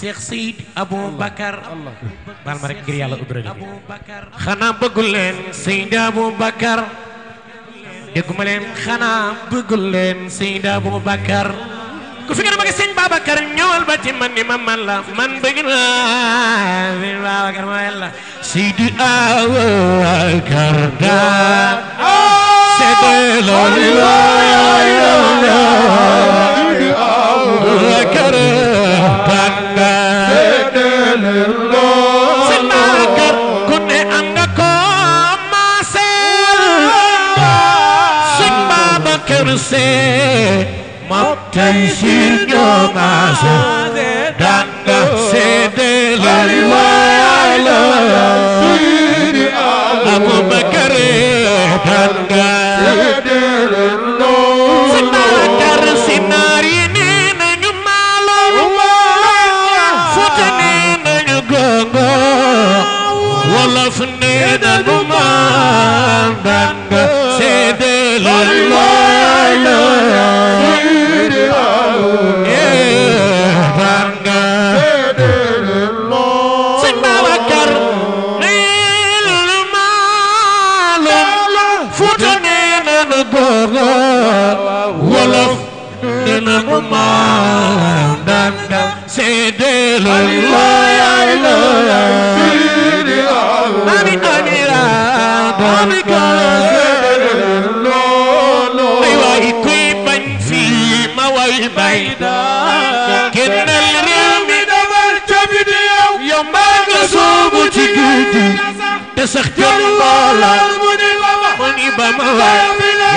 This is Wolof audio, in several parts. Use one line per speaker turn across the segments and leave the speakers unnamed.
Sheikh Said Abu Bakar bal ma rek yalla yàlla ubbira di xanaa bëggul leen Seyid Bakar deguma len xana beugul len Said Abu Bakar ku fi nga dama Sëñ Babacar ñewal ba ci man ni ma man la man bëgg naa Sëñ Babacar ma yalla Said Abu Bakar daa seede loolu leen doora wolof dina mu maam daan daan seedeelu looyaay looyaay ami ay waay kuy bañ fii ma way bay kennal réew mi dawal cabit yow yow mbaa nga soobu ci géej gi te sax jot mboola mu ni ba ma waay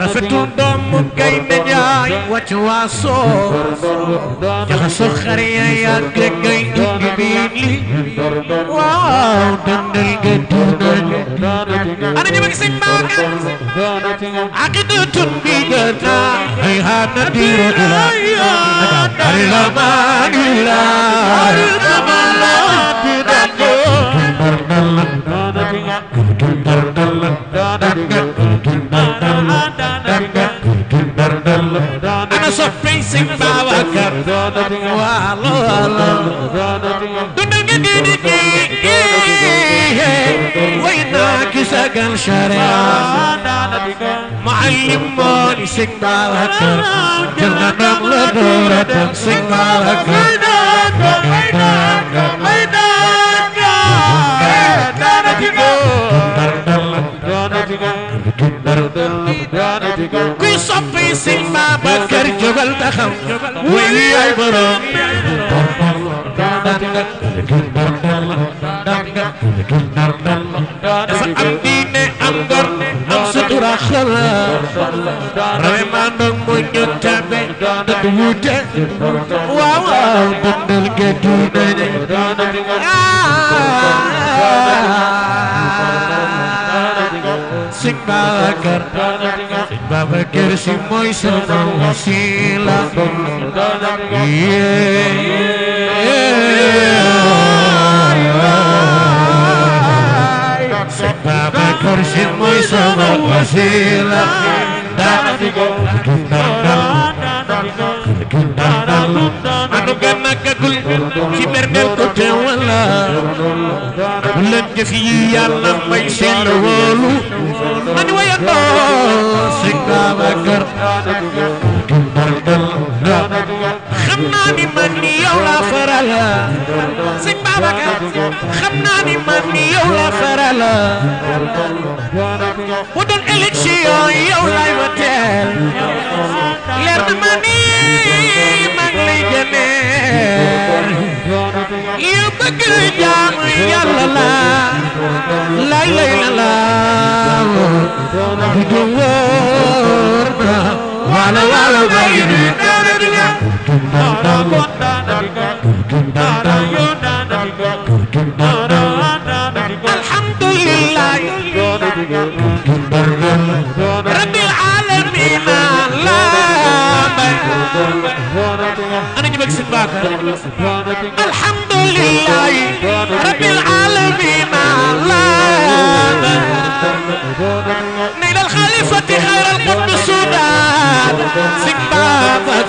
rafetu doomu gaynde njaay wacc waasoo jaxaso xare ya yàgg gay indi biin li waaw dandal ga duuna ana ñu bëgg sëñ Mbàkke aqidatun bi jata ay hana diro ila ay la manila ay la manila sing sing taxaw wéy yaay borom am diine am ngor am sutura xala rawe maandoog mu ñu tabe dëgg wuute waaw waaw dundal ge diine ah. sing bakar sing babakir si moy sama wasila iya sing babakir si moy sama wasilah dan kita Anu gana kagul si merkel leen jëf yi yàlla may seen wóolu man wayandoo si Babacar xam naa ni man ni yow laa faral si Babacar xam naa ni man ni yow laa faral
bu doon élection yow laay
ma teel leer na ma ni maa ngi lay jëndee dëgg jaamu yàlla la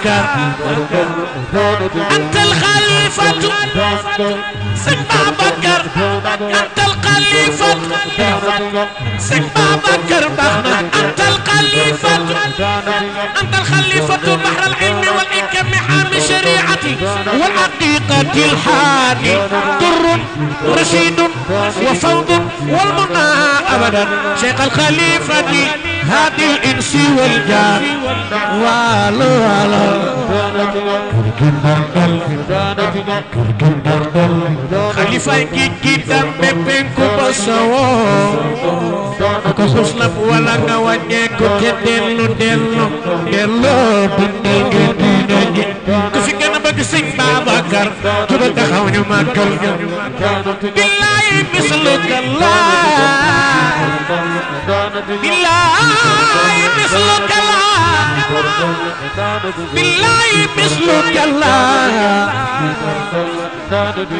أنت الخليفة سن بكر أنت الخليفة سن بكر أنت الخليفة أنت الخليفة بحر العلم بالشريعة والعقيقة الحادي در رشيد وفوض والمنى أبدا شيخ الخليفة هادي الإنس والجان والو والو Khalifa iki kita pepeng ku basawo Aku suslap wala ngawanye ku kedelu delu Delu di sëñ Babacar ku ba taxaw ñu màggal billaay misluka laa billaay misluka laa billaay misluka laa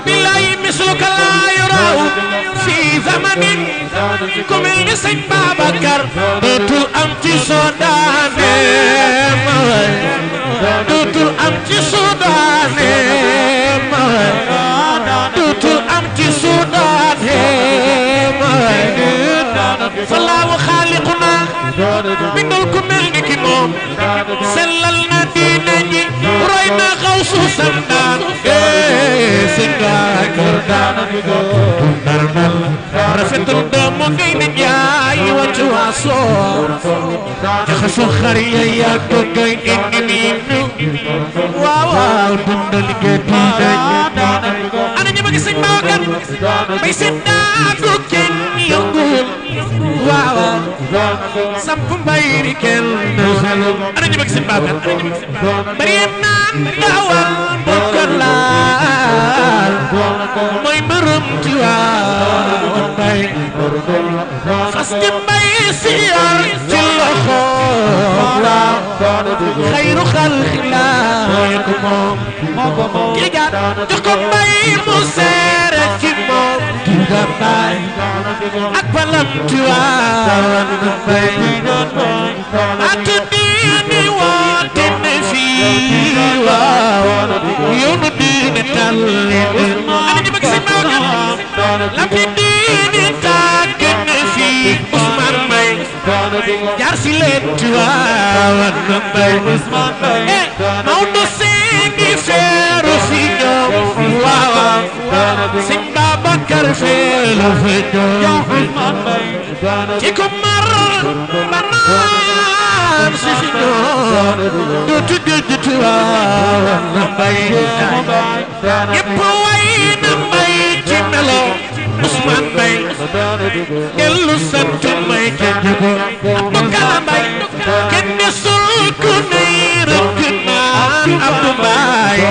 billaay misluka laa yuraw fi zamanin ku mel ni sëñ Babacar dootul am ci soo daane dutul am ci Soudan ma dutul am ci Soudan ma salaamu xaaliquna bindal ku mel ni ki moom sellal doy na xaw suuf sam daan ee sëñ Babacar daan ndar ndar rafetul doom moo ngay nit yaay wàccu waa soo jaxasoo xar ya yaa ko gay indi nii waaw waaw dundal ngeen diine ana ñu bëgg sëñ Babacar bay seen daadu waaw sampu mbay mi kenn ana ñu bëgg seen bàmmeel ana ñu bëgg seen bàmmeel bari naan ndawal bokk laal mooy mbërëm ci waaw mbay fas di mbay si yar ci loxo waaw xayru xalxi laa ki jaat jox ko mbay mu seet ak balam Tiwaawan ak diine woote na fii waaw yoonu diine tal ana ñu bëgg si maanaam la fi diine tàgg na fii Ousmane Mbaye jaar si leen يا حلمان بي تيكم مر منام سيشنو دوتو دوتو يبوين مي جملو عثمان بي يلو سنتو مي كنجبو مكالا بي كنجي سلكو نير كنان عبد باي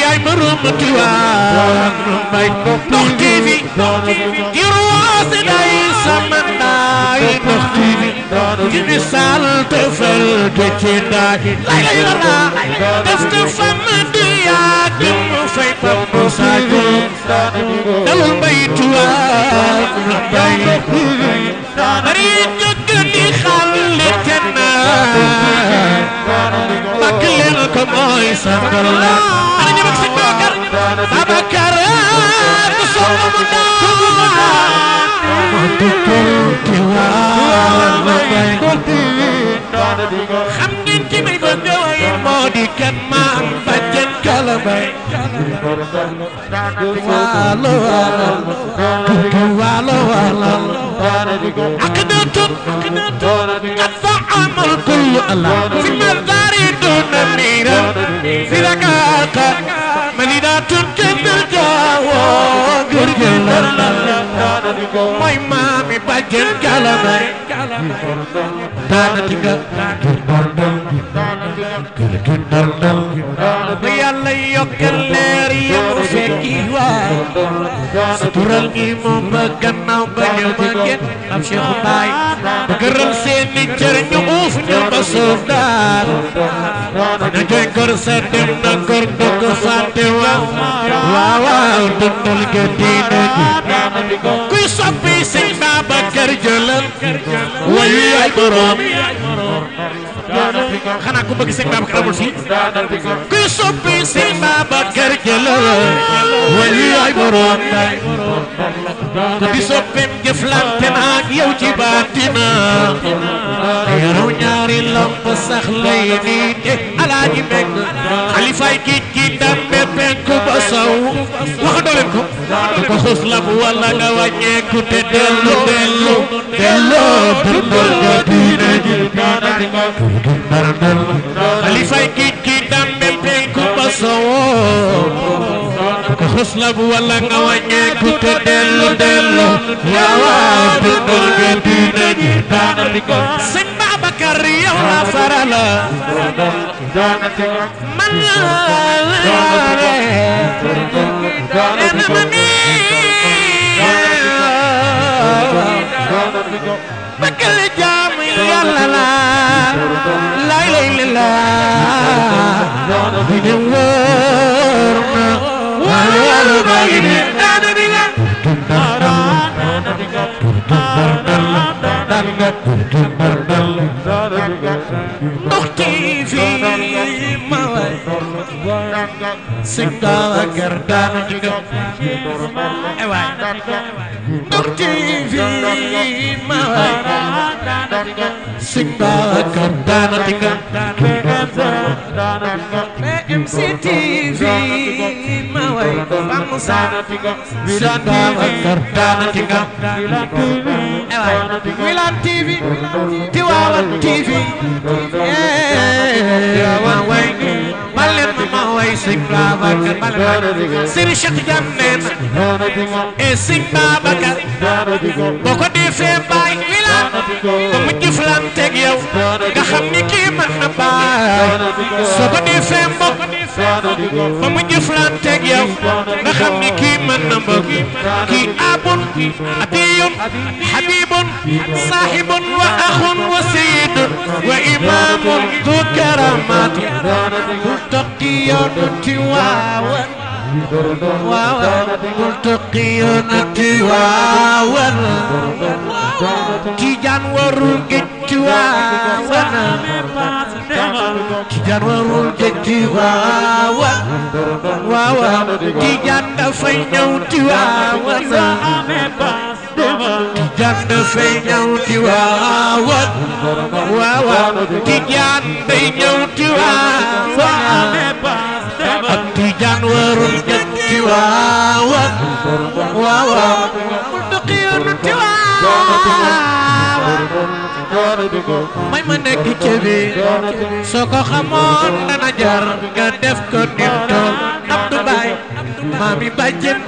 يا مرمتوان مي ngir woose day sama naay ci misaal tëfal te ci naay lay lay la naa def te fam di yaa dem fay bam bu saaju dalul mbay tuwaay la mbay bari ñëkk di xàll ca naay bakk leen ko mooy sangal la xam ngeen ki may bëgg a waaye moo di kan maam bàjjen kala bay waalo waalo kii waalo waalo ak naa toon ak naa toon kat fa amal kullu allah fi ma daari doon na miira fi la kaaka gen galamay daanati nga ba yàlla yokkal leer yi mu fekki waay sutural ñi moom ba gannaaw ba ñëw ba gen am Cheikh Baay ba gëral seeni cër ñu suuf ñëw ba suuf daal na jëngër seet dem na gor dëgg fàtte waaw waaw dundal nga diine ji kuy soppi sëñ Babacar jëlal wayu jëflante naag yow ci baatina yaru ñaari lamb ko ku ko xus ruslab wala nga wàññeeku te dellu dellu la sarala daanati ko man la Doch TV ma way sikka wa gertaan TV ma way TV ma way TV Tiwawan TV TV ma ma ma way sëñ Babacar bal leen sëñ Cheikh Jam nee na e sëñ Babacar boo ko mu jëflanteeg yow nga xam ni kii na baay soo ko defee mbokk ba mu jëflanteeg yow xam ni kii na mbokk kii abun abiyun habibun sahibun wa axun wa wa imaamun du karamat bu toog di yoonu قلت قيون تواور تيجان ورول جتواور تيجان ورول جتواور واوا تيجان دفاي نيو تواور تيجان دفاي نيو تواور واوا تيجان داي نيو تواور ورقتي واوا واوا ودقي ورقتي واوا may ma nekk ci bi soo ko xamoon dana jar nga def bay, mami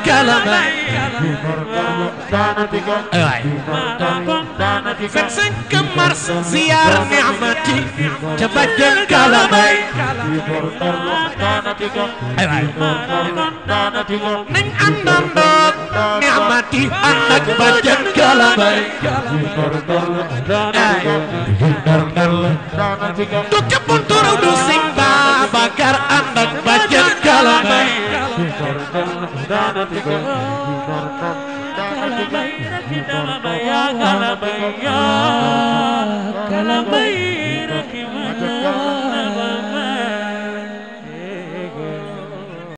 doon Abdou aywaay. vingt mars ziyaar ni'mati ca bàjjen Kalamay. aywaay. nañ àndandoo ni'mati ànd ak bàjjen Kalamay. aywaay. toog ca buntu raw kalambay ya kalambay ya kalambay